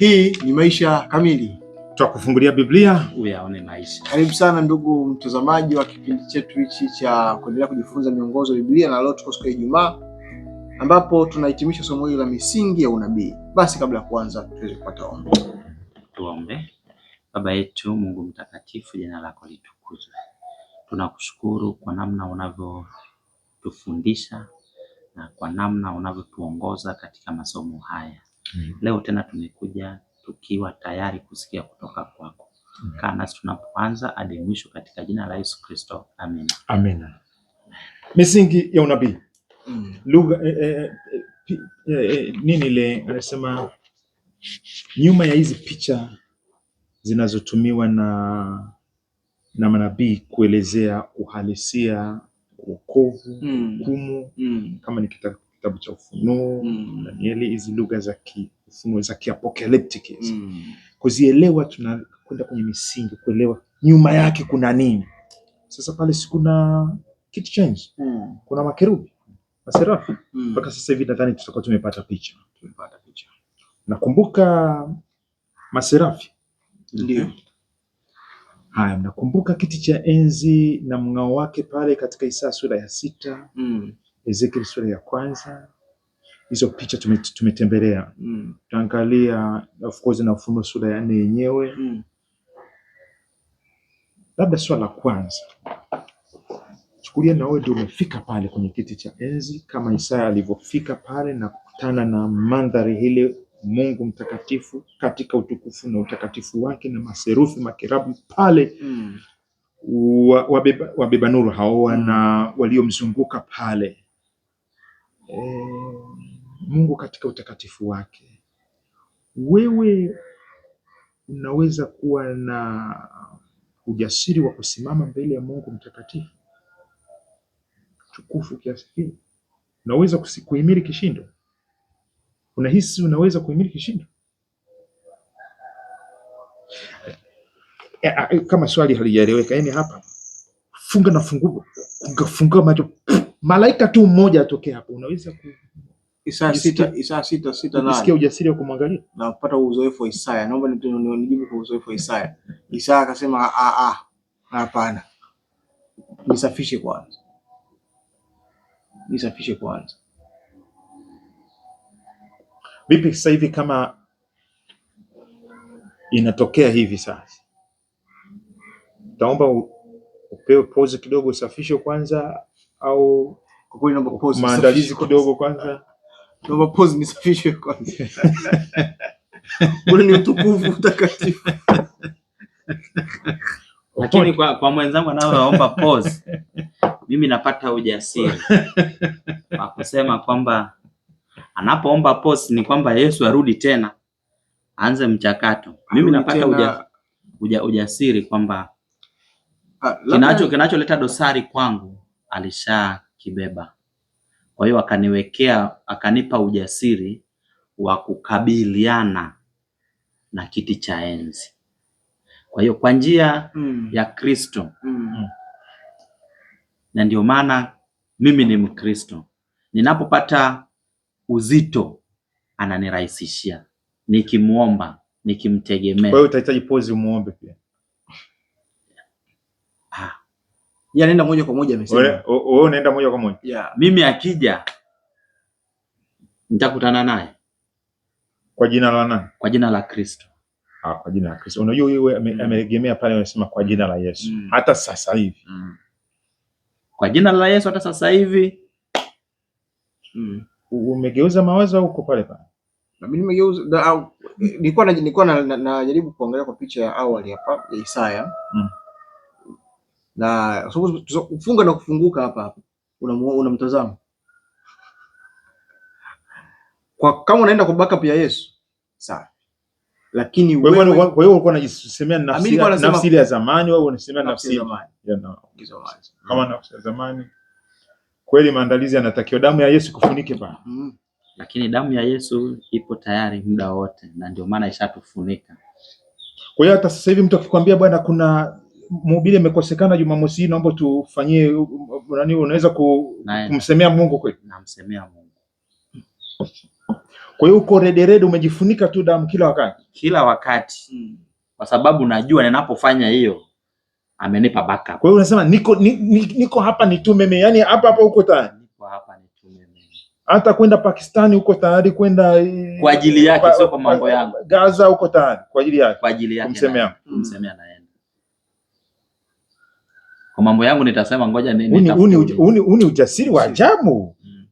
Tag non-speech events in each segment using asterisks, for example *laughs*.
Hii ni Maisha Kamili, twakufungulia Biblia uyaone maisha. Karibu sana ndugu mtazamaji wa kipindi chetu hichi cha kuendelea kujifunza miongozo ya Biblia, na leo tuko siku ya Ijumaa ambapo tunahitimisha somo hili la misingi ya unabii. Basi kabla ya kuanza, tuweze kupata ombi. Tuombe. Baba yetu Mungu mtakatifu, jina lako litukuzwe. Tunakushukuru kwa namna unavyotufundisha na kwa namna unavyotuongoza katika masomo haya. Mm. Leo tena tumekuja tukiwa tayari kusikia kutoka kwako. Mm. Kaa nasi tunapoanza hadi mwisho katika jina la Yesu Kristo. Amen. Amen. Misingi ya unabii. Mm. Lugha eh, eh, eh, eh, eh nini ile anasema nyuma ya hizi picha zinazotumiwa na na manabii kuelezea uhalisia, wokovu, mm. hukumu mm. mm. kama nikitaka kitabu cha Ufunuo mm. Danieli, hizi lugha za kiufunuo za kiapokaliptic hizi mm. kuzielewa, tunakwenda kwenye misingi kuelewa nyuma yake kuna nini. Sasa pale si kuna kitu change mm. kuna makerubi maserafi mm. mpaka mm. sasa hivi nadhani tutakuwa tumepata picha, tumepata picha. Nakumbuka maserafi ndio okay. Haya, mnakumbuka kiti cha enzi na mng'ao wake pale katika Isaya sura ya sita mm. Ezekiel sura ya kwanza, hizo picha tumetembelea, mm. tutaangalia mm. of course na Ufunuo sura ya nne yenyewe mm. Labda swala la kwanza, chukulia na wewe ndio umefika pale kwenye kiti cha enzi kama Isaya alivyofika pale na kukutana na mandhari hile Mungu mtakatifu katika utukufu na utakatifu wake na maserufi makirabu pale mm. wabeba, wabeba nuru hao na waliomzunguka pale e, Mungu katika utakatifu wake. Wewe unaweza kuwa na ujasiri wa kusimama mbele ya Mungu mtakatifu tukufu kiasi hii? Unaweza kuhimili kishindo? Unahisi unaweza kuhimili kishindo? Eh, ah, eh, kama swali halijaeleweka, yani hapa funga na fungu funga macho malaika tu mmoja atokee hapo, unaweza ku Isaya sita, Isaya sita, sita nane. Unasikia ujasiri wa kumwangalia? Na kupata uzoefu wa Isaya. Naomba nijibu kwa uzoefu wa Isaya. Isaya akasema a ah, a, ah, ah, hapana. Nisafishe kwanza. Nisafishe kwanza. Vipi sasa hivi kama inatokea hivi sasa? Taomba upewe pause kidogo, usafishe kwanza au kwa kweli naomba pause maandalizi kidogo kwanza, naomba pause nisafishe kwanza. Ule ni utukufu utakatifu. Lakini kwa, kwa mwenzangu anaoomba pause, mimi napata ujasiri wa kusema kwamba anapoomba pause ni kwamba Yesu arudi tena aanze mchakato. Mimi napata uja, uja, ujasiri kwamba ah, kinacholeta dosari kwangu alishakibeba. Kwa hiyo akaniwekea, akanipa ujasiri wa kukabiliana na kiti cha enzi. Kwa hiyo kwa njia mm. ya Kristo mm. na ndio maana mimi ni Mkristo, ninapopata uzito ananirahisishia, nikimwomba, nikimtegemea. Kwa hiyo utahitaji pozi umuombe pia. Yeye anaenda moja kwa moja amesema. Wewe wewe unaenda moja kwa moja. Yeah, mimi akija nitakutana naye. Kwa jina la nani? Kwa jina la Kristo. Ah, kwa jina la Kristo. Unajua yeye mm. ameegemea pale anasema kwa jina la Yesu. Mm. Hata sasa hivi. Mm. Kwa jina la Yesu hata sasa hivi. Mm. Umegeuza mawazo uko pale pale. Na mimi nimegeuza nilikuwa najaribu kuangalia kwa picha ya awali hapa ya Isaya. Mm na kufunga na kufunguka hapa hapa, unamtazama kwa kama unaenda kwa backup ya Yesu sawa, lakini wewe kwa hiyo ulikuwa unajisemea nafsi nafsi ya zamani, wewe unasemea nafsi ya zamani kama nafsi ya zamani? Kweli maandalizi yanatakiwa, damu ya Yesu kufunike bana mm. Lakini damu ya Yesu ipo tayari muda wote, na ndio maana ishatufunika. Kwa hiyo hata sasa hivi mtu akikwambia bwana, kuna mhubiri amekosekana Jumamosi hii, naomba tufanyie nani, unaweza kumsemea Mungu kweli? Namsemea Mungu. Kwa hiyo uko red red, umejifunika tu damu kila wakati, kila wakati hmm. Kwa sababu najua ninapofanya hiyo amenipa backup. Kwa hiyo unasema niko ni, ni, niko hapa nitume mimi, yani hapa hapa uko tayari, niko hapa nitume mimi, hata kwenda Pakistani uko tayari kwenda eh, kwa ajili yake, sio kwa mambo yangu. Gaza uko tayari kwa ajili yake, kwa ajili yake, kumsemea kumsemea naye kwa mambo yangu nitasema ngoja nini. Huu ni ujasiri wa ajabu. Mm.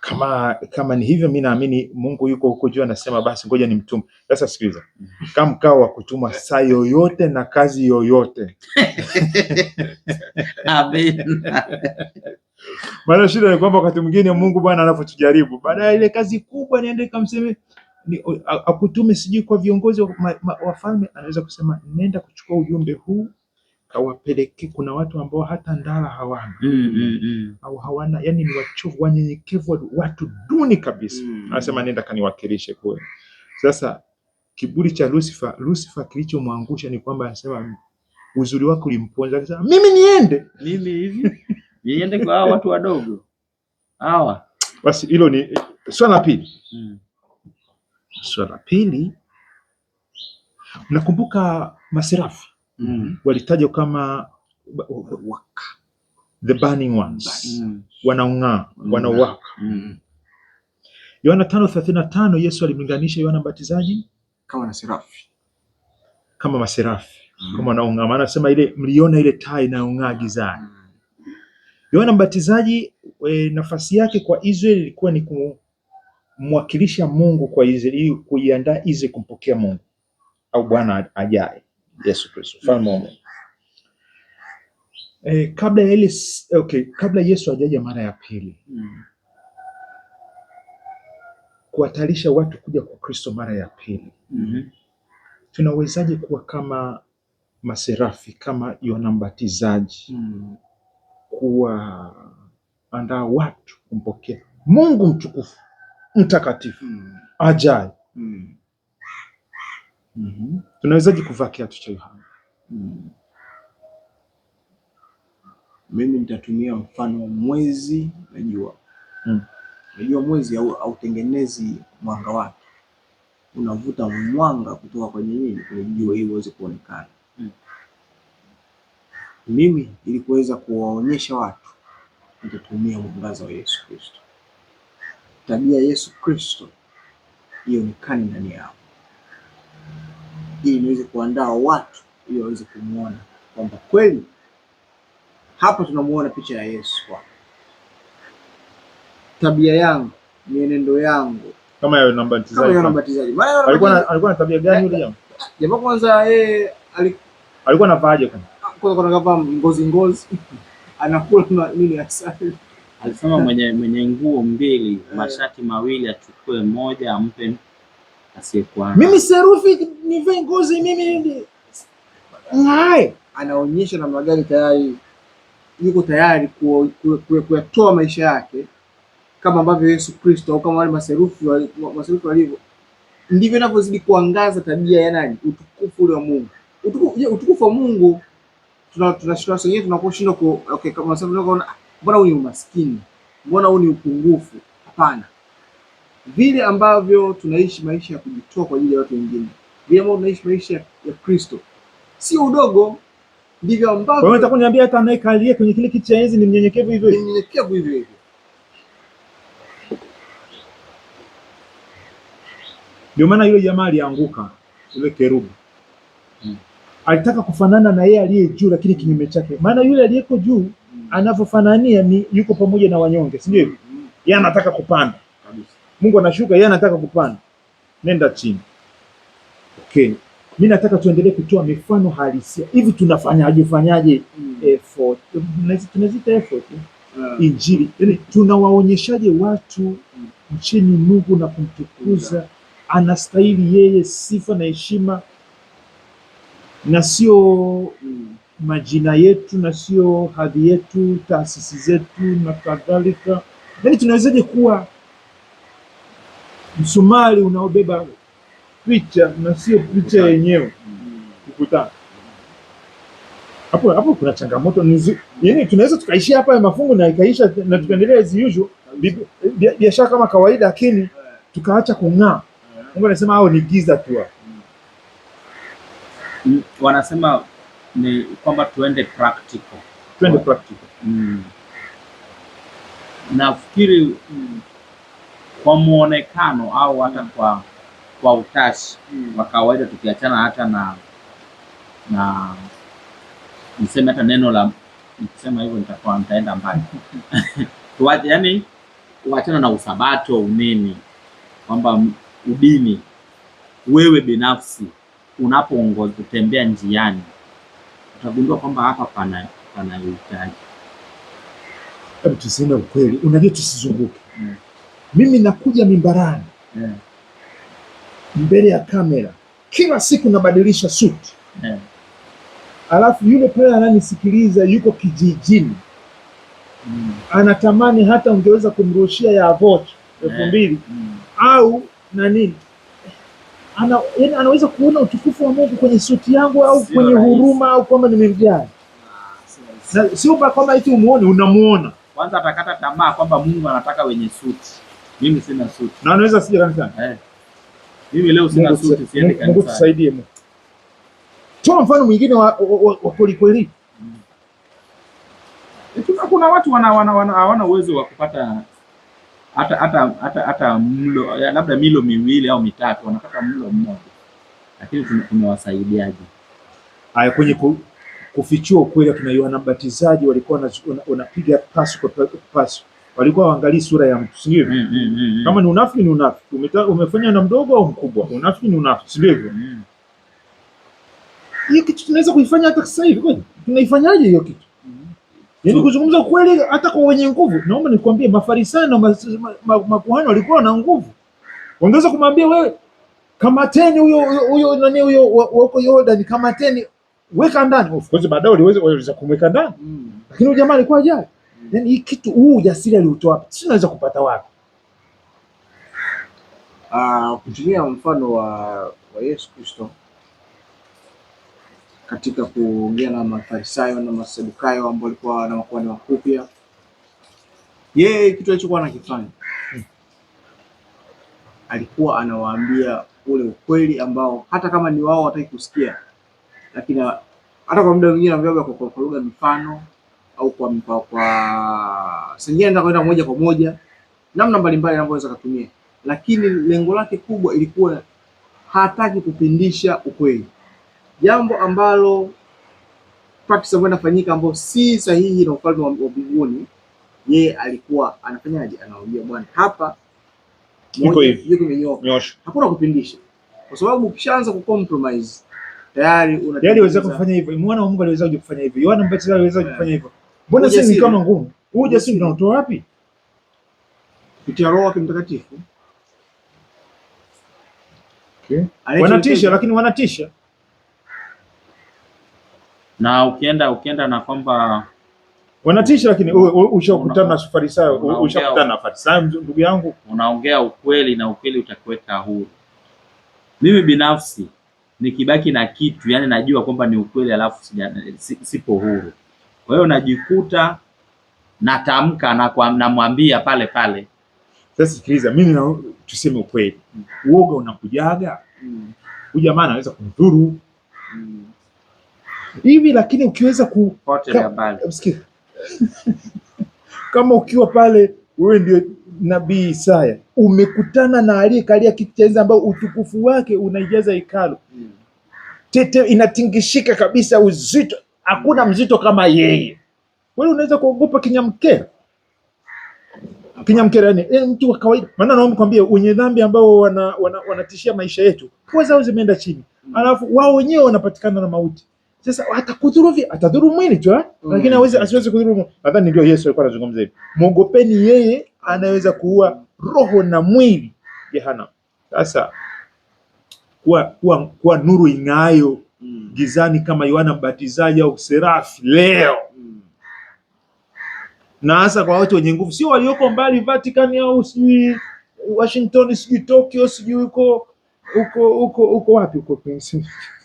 Kama kama ni hivyo, mi naamini Mungu yuko huko juu, anasema basi ngoja ni mtume sasa. Sikiliza, mm. kama mkao wa kutuma saa yoyote na kazi yoyote *laughs* *laughs* maana shida ni kwamba wakati mwingine Mungu Bwana anapotujaribu baada ya ile kazi kubwa, niende kamseme akutume sijui kwa viongozi wa wafalme, anaweza kusema nenda kuchukua ujumbe huu hawapeleki. Kuna watu ambao hata ndara hawana mm, mm, mm. au hawana, yani ni wachovu, wanyenyekevu, watu duni kabisa mm. mm. Anasema nenda kaniwakilishe kule. Sasa kiburi cha Lucifer, Lucifer kilichomwangusha ni kwamba anasema uzuri wako ulimponza, akasema mimi niende mimi hivi niende kwa hawa watu wadogo hawa. Basi hilo ni swala la pili mm. swala la pili, nakumbuka maserafu Mm-hmm. mm. walitajwa kama waka. The burning ones mm. wanaong'aa wanaowaka mm. Yohana tano thelathini na tano Yesu alimlinganisha Yohana Mbatizaji kama na serafi, kama maserafi mm. kama wanaong'aa, maana anasema ile mliona ile taa inayong'aa gizani mm. Yohana Mbatizaji e, nafasi yake kwa Israeli ilikuwa ni kumwakilisha Mungu kwa Israeli, kuiandaa Israeli kumpokea Mungu au Bwana ajaye. Yesu Kristo, Fahamu Mungu. Eh, kabla hili, okay, kabla Yesu hajaja mara ya pili mm. kuhatarisha watu kuja kwa Kristo mara ya pili mm -hmm. tunawezaje kuwa kama maserafi kama Yohana Mbatizaji mm. andaa watu kumpokea Mungu mtukufu mtakatifu mm. ajaye mm tunawezaji -hmm. Tunawezaje kuvaa kiatu cha Yohana? mm. Mimi nitatumia mfano mwezi na jua. mm. Najua mwezi hautengenezi mwanga wake, unavuta mwanga kutoka kwenye nini, kwenye jua ili uweze kuonekana. mm. Mimi ili kuweza kuwaonyesha watu nitatumia mwangaza wa Yesu Kristo, tabia ya Yesu Kristo ionekane ndani yao ili niweze kuandaa watu ili waweze kumwona kwamba kweli hapa tunamuona picha ya Yesu kwa Tabia yangu, mienendo yangu kama Yohana Mbatizaji. Kama mbatizaji Alikuwa alikuwa na tabia gani yule jamaa? Jamaa kwanza yeye alikuwa anavaaje kwanza? Kwanza kama ngozi ngozi. *laughs* Anakula na nini asali? Alisema mwenye mwenye nguo mbili, mashati mawili achukue moja ampe asiyekuwa mimi serufi nivae ngozi mimi ng'ae. Anaonyesha namna gani tayari yuko tayari kuyatoa maisha yake kama ambavyo Yesu Kristo au kama wale maserufi maserufi walivyo, ndivyo inavyozidi kuangaza tabia ya nani, utukufu ule wa Mungu. Utukufu wa Mungu tunashindwa wenyewe, tunaposhindwa ah, mbona huu ni umaskini, mbona huu ni upungufu? Hapana vile ambavyo tunaishi maisha ya kujitoa kwa ajili ya watu wengine, vile ambavyo tunaishi maisha ya Kristo sio udogo. Ndivyo ambavyo unataka kuniambia hata anayekalia kwenye kile kiti cha enzi ni mnyenyekevu hivyo hivyo, mnyenyekevu hivyo hivyo. Ndio maana yule jamaa alianguka, yule kerubi hmm. Alitaka kufanana na yeye aliye juu, lakini kinyume chake, maana yule aliyeko juu anavyofanania ni yuko pamoja na wanyonge, si ndio? Yeye anataka kupanda Mungu anashuka, yeye anataka kupanda, nenda chini. Okay, mimi nataka tuendelee kutoa mifano halisia. Hivi tunafanyaje fanyaje? mm. effort tunazita effort uh. Injili, yaani tunawaonyeshaje watu nchini Mungu na kumtukuza yeah. Anastahili yeye sifa na heshima na sio mm. majina yetu na sio hadhi yetu, taasisi zetu na kadhalika. Yaani tunawezaje kuwa msumari unaobeba picha na sio picha yenyewe kukutana Hapo hapo kuna changamoto nzuri, yaani tunaweza tukaishia hapa ya mafungu na ikaisha na tukaendelea as usual biashara kama kawaida, lakini tukaacha kung'aa. Mungu anasema hao ni giza tu. Mm, wanasema ni kwamba tuende practical, tuende practical. Mm. Nafikiri mm kwa muonekano au hata kwa kwa utashi hmm. wa kawaida, tukiachana hata na na niseme hata neno la nikisema hivyo nitakuwa nitaenda mbali *laughs* tuache, yani uachana na usabato, unini kwamba udini, wewe binafsi unapoongoza kutembea njiani utagundua kwamba hapa pana pana uhitaji. Hebu tuseme ukweli, unajua tusizunguke hmm. Mimi nakuja mimbarani yeah. mbele ya kamera kila siku nabadilisha suti yeah. alafu yule pale ananisikiliza yuko kijijini mm. anatamani hata ungeweza kumrushia ya vocha elfu yeah. mbili mm. au na nini ana, anaweza kuona utukufu wa Mungu kwenye suti yangu au sio kwenye huruma au kwamba nimemjali ah, sio kwamba iti umuone unamuona kwanza atakata tamaa kwamba Mungu anataka wenye suti mimi sina suti. Na naweza sija kanisani. Eh. Mimi leo sina suti siende kanisani. Mungu tusaidie Mungu. Toa mfano mwingine wa wa kweli kweli. Mm. Eh, kuna watu wana wana wana hawana uwezo wa kupata hata hata hata hata mlo ya, labda milo miwili au mitatu, wanataka mlo mmoja, lakini tunawasaidiaje? Haya, kwenye ku, kufichua ukweli, tunaiona batizaji walikuwa wanapiga pasi kwa pasi walikuwa waangalii sura ya mtu, si ndivyo? mm, mm, mm, mm. kama ni unafiki ni unafiki, umetaka umefanya na mdogo au mkubwa, unafiki ni unafiki, si ndivyo? mm. mm. Hiyo kitu tunaweza kuifanya hata sasa hivi, kwani tunaifanyaje hiyo kitu? mm. Yaani so, kuzungumza kweli hata kwa wenye nguvu. Naomba nikwambie Mafarisayo na makuhani walikuwa na nguvu. Wangeweza kumwambia wewe kamateni huyo huyo nani huyo wako Yordani kamateni weka ndani. Of course baadaye waliweza kumweka ndani. Mm. Lakini jamaa alikuwa ajali. Yaani hii kitu huu ujasiri aliutoa wapi? Sio naweza kupata wapi? Uh, kutumia mfano wa, wa Yesu Kristo katika kuongea na Mafarisayo na Masadukayo ambao walikuwa na makuhani wakuu pia, yeye kitu alichokuwa anakifanya hmm, alikuwa anawaambia ule ukweli ambao hata kama ni wao wataki kusikia, lakini hata kwa muda mwingine anawaambia kwa lugha mifano au kwa, mpa, kwa sengenda ndio kwenda moja kwa moja, namna mbalimbali anavyoweza kutumia, lakini lengo lake kubwa ilikuwa hataki kupindisha ukweli, jambo ambalo practice ambayo inafanyika ambayo si sahihi na ufalme wa mbinguni. Yeye alikuwa anafanyaje? Anaambia bwana, hapa hakuna kupindisha, kwa sababu ukishaanza kucompromise tayari unatayari. Waweza kufanya hivyo, Mungu aliweza kufanya hivyo, Yohana Mbatizaji aliweza eh. kufanya hivyo Mbona sisi ni kama ngumu? Huu ujasiri unaotoa wapi? Kupitia Roho yake Mtakatifu. Okay. Wanatisha lakini wanatisha. Na ukienda ukienda na kwamba wanatisha lakini ushakutana na Farisayo, ushakutana na Farisayo ndugu yangu, unaongea ukweli na ukweli utakuweka huru. Mimi binafsi nikibaki na kitu yani najua kwamba ni ukweli alafu sipo huru kwa hiyo najikuta natamka na namwambia pale pale. Sasa sikiliza, mimi na tuseme ukweli, uoga unakujaga mm. huyu jamaa anaweza kumdhuru mm. hivi, lakini ukiweza ku *laughs* kama ukiwa pale wewe ndio nabii Isaya umekutana na aliyekalia kiti cha enzi utukufu wake unaijaza hekalu, mm. tete inatingishika kabisa, uzito Hakuna mzito kama yeye. Wewe unaweza kuogopa kinyamkera? Kinyamkera yani, e, eh, mtu wa kawaida. Maana naomba kwambie wenye dhambi ambao wanatishia wana, wana maisha yetu, pua zao zimeenda chini. Alafu wao wenyewe wanapatikana na mauti. Sasa atakudhuru vipi? Atadhuru mwili tu eh? Mm. Lakini hawezi asiwezi kudhuru. Nadhani ndio Yesu alikuwa anazungumza hivi. Muogopeni yeye anaweza kuua roho na mwili jehanamu. Sasa kuwa, kuwa, kuwa nuru ing'ayo mm. gizani kama Yohana Mbatizaji au Serafi leo mm. na hasa kwa watu wenye nguvu, sio walioko mbali Vatican au sijui Washington sijui Tokyo sijui huko huko huko huko wapi huko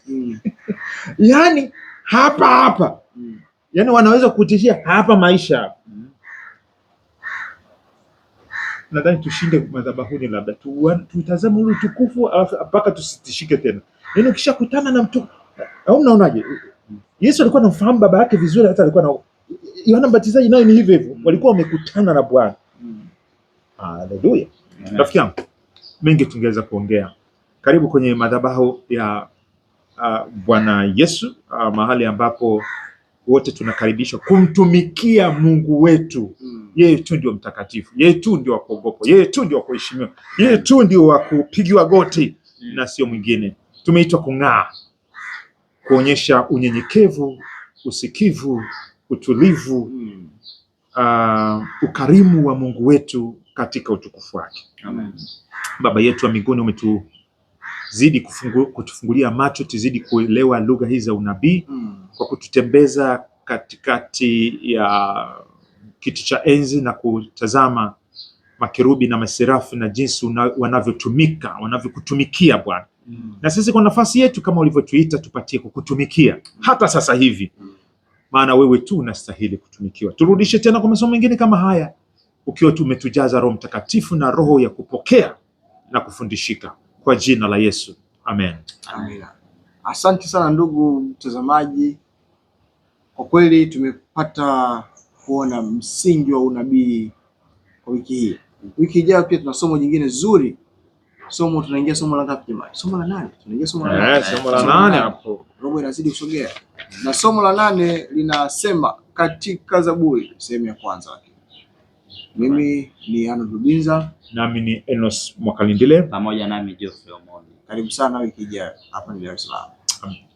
mm. *laughs* yani hapa hapa mm. yani wanaweza kutishia hapa maisha mm. Nadhani tushinde madhabahuni, labda tutazame ule utukufu mpaka tusitishike tena. Yani ukishakutana na mtu au eh, mnaonaje? Yesu alikuwa anamfahamu baba yake vizuri, hata alikuwa na Yohana Mbatizaji naye ni hivyo hivyo, walikuwa wamekutana na Bwana. Haleluya. Rafiki yangu, mengi tungeweza kuongea. Karibu kwenye madhabahu ya uh, Bwana Yesu uh, mahali ambapo wote tunakaribishwa kumtumikia Mungu wetu mm. Yeye tu ndio mtakatifu, yeye tu ndio wa kuogopwa, yeye tu ndio wa kuheshimiwa, yeye tu ndio wa kupigiwa goti mm. na sio mwingine. Tumeitwa kung'aa kuonyesha unyenyekevu, usikivu, utulivu hmm. uh, ukarimu wa Mungu wetu katika utukufu wake. Amen. Baba yetu wa mbinguni, umetuzidi kutufungulia macho tuzidi kuelewa lugha hii za unabii mm. kwa kututembeza katikati ya kiti cha enzi na kutazama makerubi na maserafu na jinsi wanavyotumika wanavyokutumikia Bwana Mm. na sisi kwa nafasi yetu kama ulivyotuita tupatie kukutumikia hata sasa hivi mm. maana wewe tu unastahili kutumikiwa. Turudishe tena kwa masomo mengine kama haya ukiwa tumetujaza Roho Mtakatifu na roho ya kupokea na kufundishika kwa jina la Yesu amen. Asante sana ndugu mtazamaji, kwa kweli tumepata kuona msingi wa unabii kwa wiki hii. Wiki ijayo pia tuna somo jingine zuri somo tunaingia somo la ngapi jamani? Somo la nane. Tunaingia somo la nane. Eh, somo la nane hapo. Robo inazidi kusogea. Na somo la nane linasema katika Zaburi sehemu ya kwanza. Mimi ni Arnold Dubinza. nami ni Enos Mwakalindile pamoja nami Geoffrey Omondi. Karibu sana wiki ijayo hapa ni Dar es Salaam.